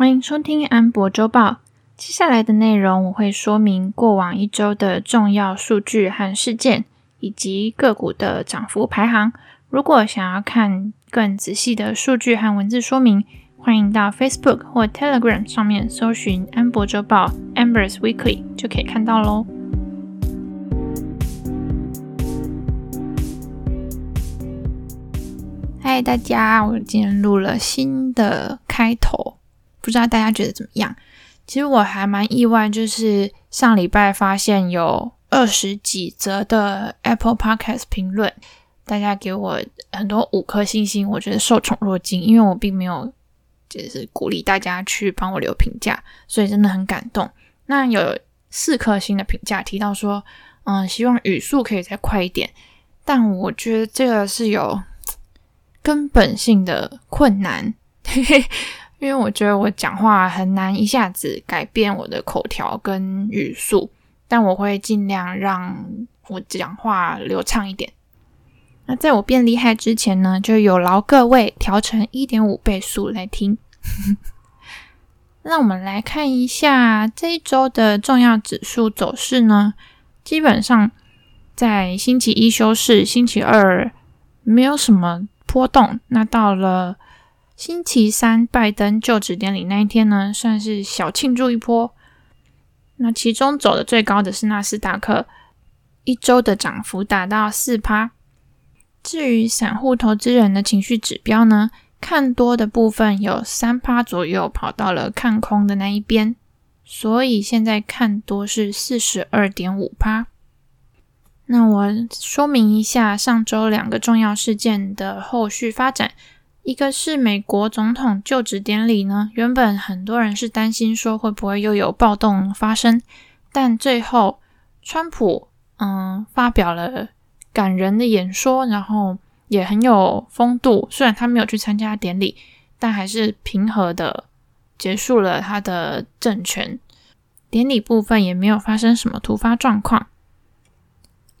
歡迎收聽安博週報。接下來的內容我會說明過往一周的重要數據和事件，以及個股的漲幅排行。如果想要看更仔細的數據和文字說明，歡迎到 Facebook 或 Telegram 上面搜尋安博週報 Amber's Weekly 就可以看到嘍。嗨，大家！我今天錄了新的開頭。不知道大家覺得怎麼樣？其實我還蠻意外，就是上禮拜發現有二十幾則的 Apple Podcast 評論，大家給我很多五顆星星，我覺得受寵若驚，因為我並沒有就是鼓勵大家去幫我留評價，所以真的很感動。那有四顆星的評價提到說，嗯，希望語速可以再快一點，但我覺得這個是有根本性的困難。 因為我覺得我講話很難一下子改變我的口條跟語速，但我會盡量讓我講話流暢一點。那在我變厲害之前呢，就有勞各位調成一點五倍速來聽。 那我們來看一下這一週的重要指數走勢呢，基本上在星期一休市，星期二沒有什麼波動，那到了。星期三，拜登就職典禮那一天呢，算是小慶祝一波。那其中走的最高的是納斯達克，一周的漲幅達到四趴。至於散戶投資人的情緒指標呢，看多的部分有三趴左右跑到了看空的那一邊，所以現在看多是四十二點五趴。那我說明一下上周兩個重要事件的後續發展。一個是美國總統就職典禮呢，原本很多人是擔心說會不會又有暴動發生，但最後川普嗯發表了感人的演說，然後也很有風度，雖然他沒有去參加典禮，但還是平和的結束了他的政權，典禮部分也沒有發生什麼突發狀況。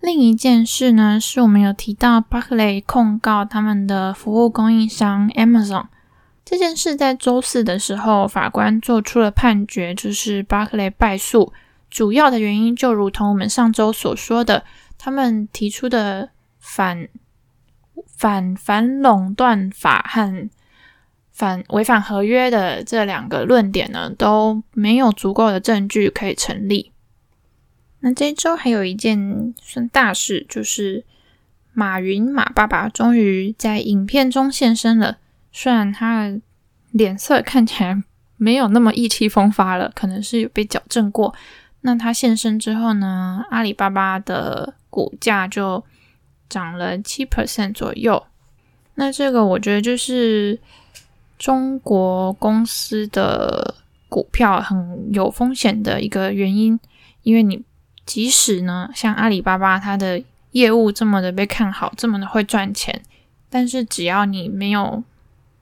另一件事呢，是我們有提到巴克雷控告他們的服務供應商 Amazon 這件事，在週四的時候，法官做出了判決，就是巴克雷敗訴。主要的原因就如同我們上週所說的，他們提出的反反反壟斷法和反違反合約的這兩個論點呢，都沒有足夠的證據可以成立。那這一周還有一件算大事，就是馬雲馬爸爸終於在影片中現身了。雖然他的臉色看起來沒有那麼意氣風發了，可能是有被矯正過。那他現身之後呢，阿里巴巴的股價就漲了七 percent 左右。那這個我覺得就是中國公司的股票很有風險的一個原因，因為你。即使呢，像阿里巴巴它的業務這麼的被看好，這麼的會賺錢，但是只要你沒有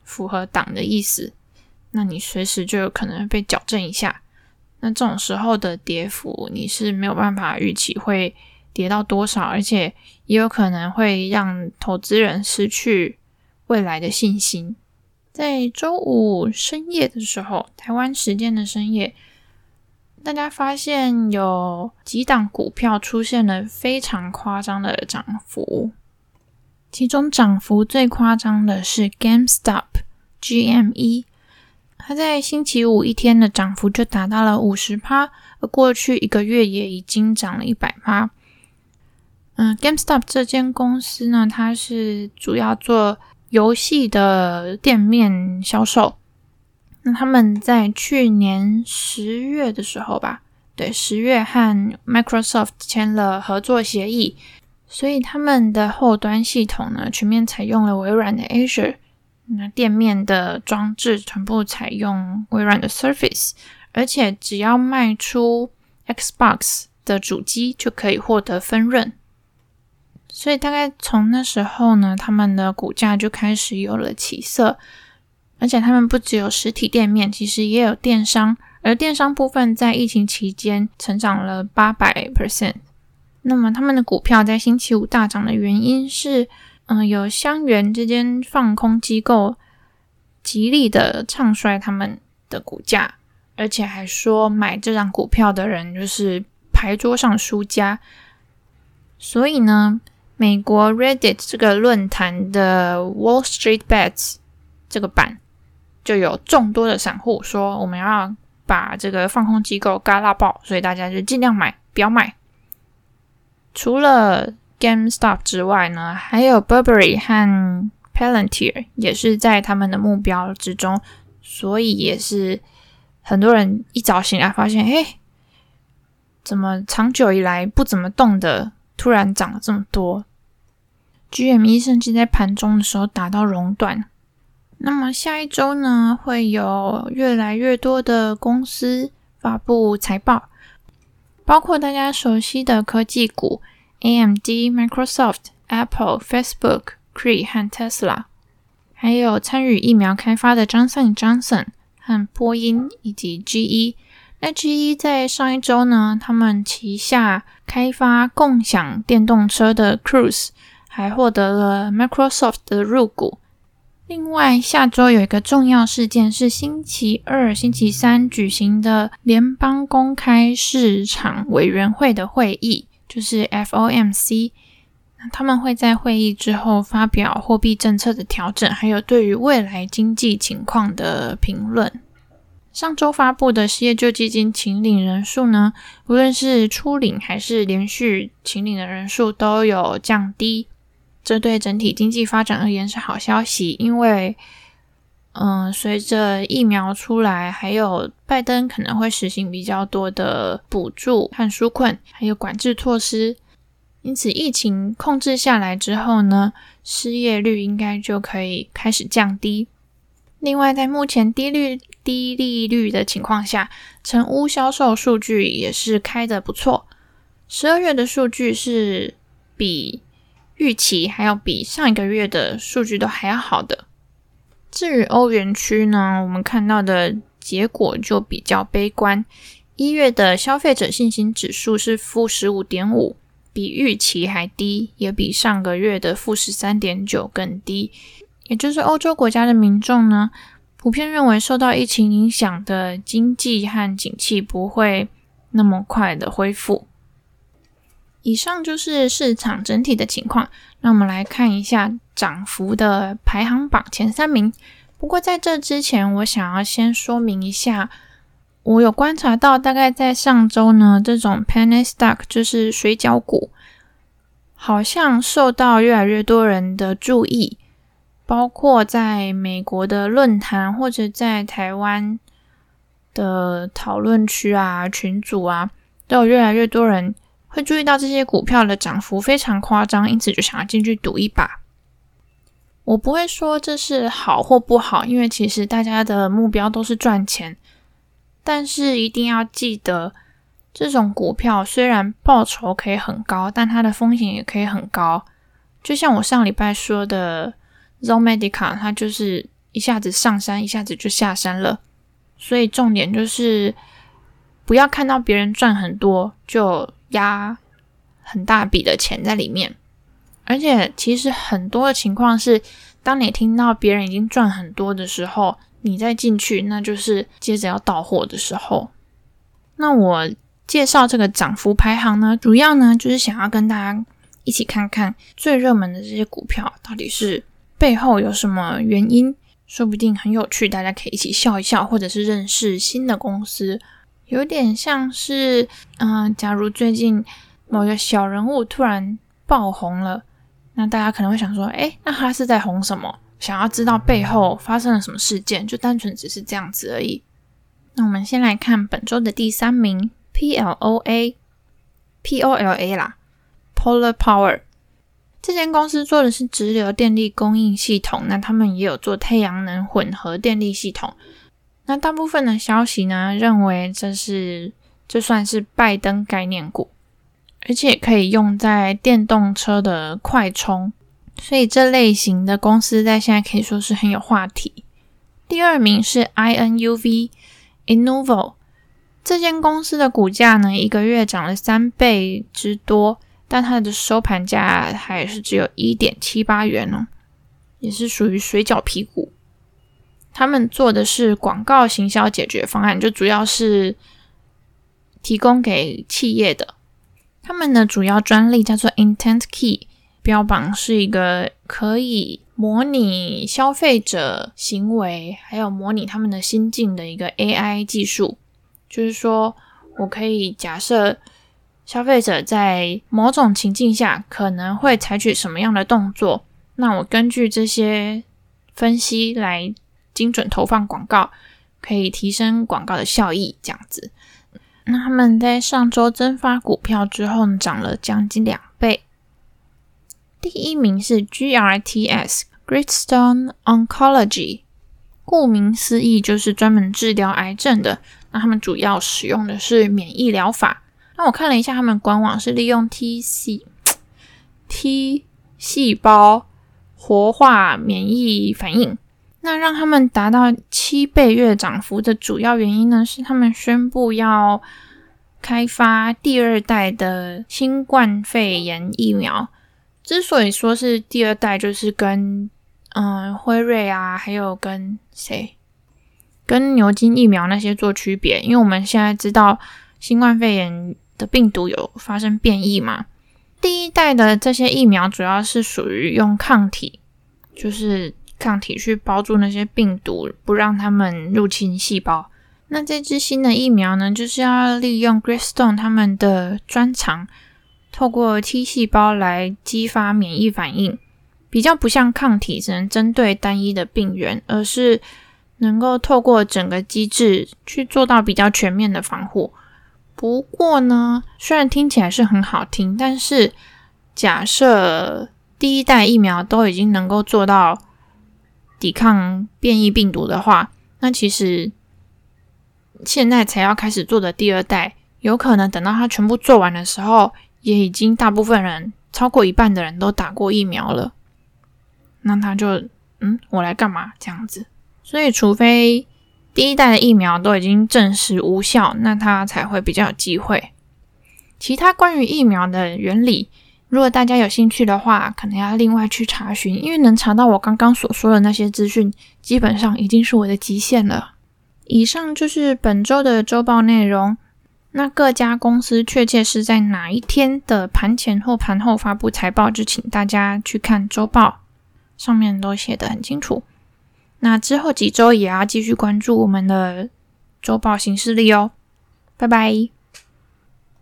符合黨的意思，那你隨時就有可能被矯正一下。那這種時候的跌幅，你是沒有辦法預期會跌到多少，而且也有可能會讓投資人失去未來的信心。在週五深夜的時候，台灣時間的深夜，大家發現有幾檔股票出現了非常誇張的漲幅，其中漲幅最誇張的是 GameStop（GME），它在星期五一天的漲幅就達到了五十趴，而過去一個月也已經漲了一百趴。嗯，GameStop 這間公司呢，它是主要做遊戲的店面銷售。那他們在去年十月的時候吧，對，十月和 Microsoft 簽了合作協議，所以他們的後端系統呢，全面採用了微軟的 Azure，那、嗯、店面的裝置全部採用微軟的 Surface，而且只要賣出 Xbox 的主機就可以獲得分潤，所以大概從那時候呢，他們的股價就開始有了起色。而且他們不只有實體店面，其實也有電商。而電商部分在疫情期間成長了八百 percent。那麼他們的股票在星期五大漲的原因是，嗯、呃，有香園這間放空機構極力的唱衰他們的股價，而且還說買這張股票的人就是牌桌上輸家。所以呢，美國 Reddit 這個論壇的 Wall Street Bets 這個版。就有眾多的散戶說，我們要把這個放空機構嘎拉爆，所以大家就盡量買，不要賣。除了 GameStop 之外呢，還有 Burberry 和 Palantir 也是在他們的目標之中，所以也是很多人一早醒來發現，哎，怎麼長久以來不怎麼動的，突然漲了這麼多？GME 甚至在盤中的時候打到熔斷。那麼下一周呢，會有越來越多的公司發布財報，包括大家熟悉的科技股 AMD、Microsoft、Apple、Facebook、Cree 和 Tesla，還有參與疫苗開發的 Johnson Johnson 和波音以及 GE。那 GE 在上一周呢，他們旗下開發共享電動車的 Cruise 還獲得了 Microsoft 的入股。另外，下周有一個重要事件是星期二、星期三舉行的聯邦公開市場委員會的會議，就是 FOMC。他們會在會議之後發表貨幣政策的調整，還有對於未來經濟情況的評論。上周發布的失業救濟金請領人數呢，無論是初領還是連續請領的人數都有降低。這對整體經濟發展而言是好消息，因為，嗯、呃，隨着疫苗出來，還有拜登可能會實行比較多的補助和紓困，還有管制措施。因此，疫情控制下來之後呢，失業率應該就可以開始降低。另外，在目前低率、低利率的情況下，成屋銷售數據也是開得不錯。十二月的數據是比預期還要比上一個月的數據都還要好的，至於歐元區呢，我們看到的結果就比較悲觀。一月的消費者信心指數是負十五點五，比預期還低，也比上個月的負十三點九更低。也就是歐洲國家的民眾呢，普遍認為受到疫情影響的經濟和景氣不會那麼快的恢復。以上就是市場整體的情況，那我們來看一下漲幅的排行榜前三名。不過在這之前，我想要先說明一下，我有觀察到，大概在上周呢，這種 penny stock 就是水餃股，好像受到越來越多人的注意，包括在美國的論壇，或者在台灣的討論區啊、群組啊，都有越來越多人。會注意到這些股票的漲幅非常誇張，因此就想要進去賭一把。我不會說這是好或不好，因為其實大家的目標都是賺錢。但是一定要記得，這種股票雖然報酬可以很高，但它的風險也可以很高。就像我上禮拜說的，ZoMedica，它就是一下子上山，一下子就下山了。所以重點就是，不要看到別人賺很多就，壓很大筆的錢在裡面，而且其實很多的情況是，當你聽到別人已經賺很多的時候，你再進去，那就是接着要到貨的時候。那我介紹這個漲幅排行呢，主要呢就是想要跟大家一起看看最熱門的這些股票到底是背後有什麼原因，說不定很有趣，大家可以一起笑一笑，或者是認識新的公司。有點像是，嗯、呃，假如最近某個小人物突然爆紅了，那大家可能會想說，哎、欸，那他是在紅什麼？想要知道背後發生了什麼事件，就單純只是這樣子而已。那我們先來看本周的第三名，P L O A，P O L A 啦，Polar Power。這間公司做的是直流電力供應系統，那他們也有做太陽能混合電力系統。那大部分的消息呢，認為這是這算是拜登概念股，而且可以用在電動車的快充，所以這類型的公司在現在可以說是很有話題。第二名是 INUV Inuvo，這間公司的股價呢，一個月漲了三倍之多，但它的收盤價還是只有一點七八元哦，也是屬於水餃皮股。他們做的是廣告行銷解決方案，就主要是提供給企業的。他們的主要專利叫做 Intent Key，標榜是一個可以模擬消費者行為，還有模擬他們的心境的一個 AI 技術。就是說我可以假設消費者在某種情境下可能會採取什麼樣的動作，那我根據這些分析來。精準投放廣告可以提升廣告的效益，這樣子。那他們在上周增發股票之後漲了將近兩倍。第一名是 GRTS Gritstone Oncology，顧名思義就是專門治療癌症的。那他們主要使用的是免疫療法。那我看了一下他們官網，是利用 TC, T C T 細胞活化免疫反應。那讓他們達到七倍月漲幅的主要原因呢？是他們宣布要開發第二代的新冠肺炎疫苗。之所以說是第二代，就是跟嗯輝瑞啊，還有跟誰，跟牛津疫苗那些做區別。因為我們現在知道新冠肺炎的病毒有發生變異嘛，第一代的這些疫苗主要是屬於用抗體，就是。抗體去包住那些病毒，不讓他們入侵細胞。那這支新的疫苗呢，就是要利用 Gritstone 他們的專長，透過 T 細胞來激發免疫反應，比較不像抗體只能針對單一的病原，而是能夠透過整個機制去做到比較全面的防護。不過呢，雖然聽起來是很好聽，但是假設第一代疫苗都已經能夠做到。抵抗變異病毒的話，那其實現在才要開始做的第二代，有可能等到他全部做完的時候，也已經大部分人超過一半的人都打過疫苗了。那他就嗯，我來幹嘛這樣子？所以，除非第一代的疫苗都已經證實無效，那他才會比較有機會。其他關於疫苗的原理。如果大家有興趣的話，可能要另外去查詢，因為能查到我剛剛所說的那些資訊，基本上已經是我的極限了。以上就是本週的週報內容。那各家公司確切是在哪一天的盤前或盤後發布財報，就請大家去看週報，上面都寫得很清楚。那之後幾周也要繼續關注我們的週報行事曆哦，拜拜。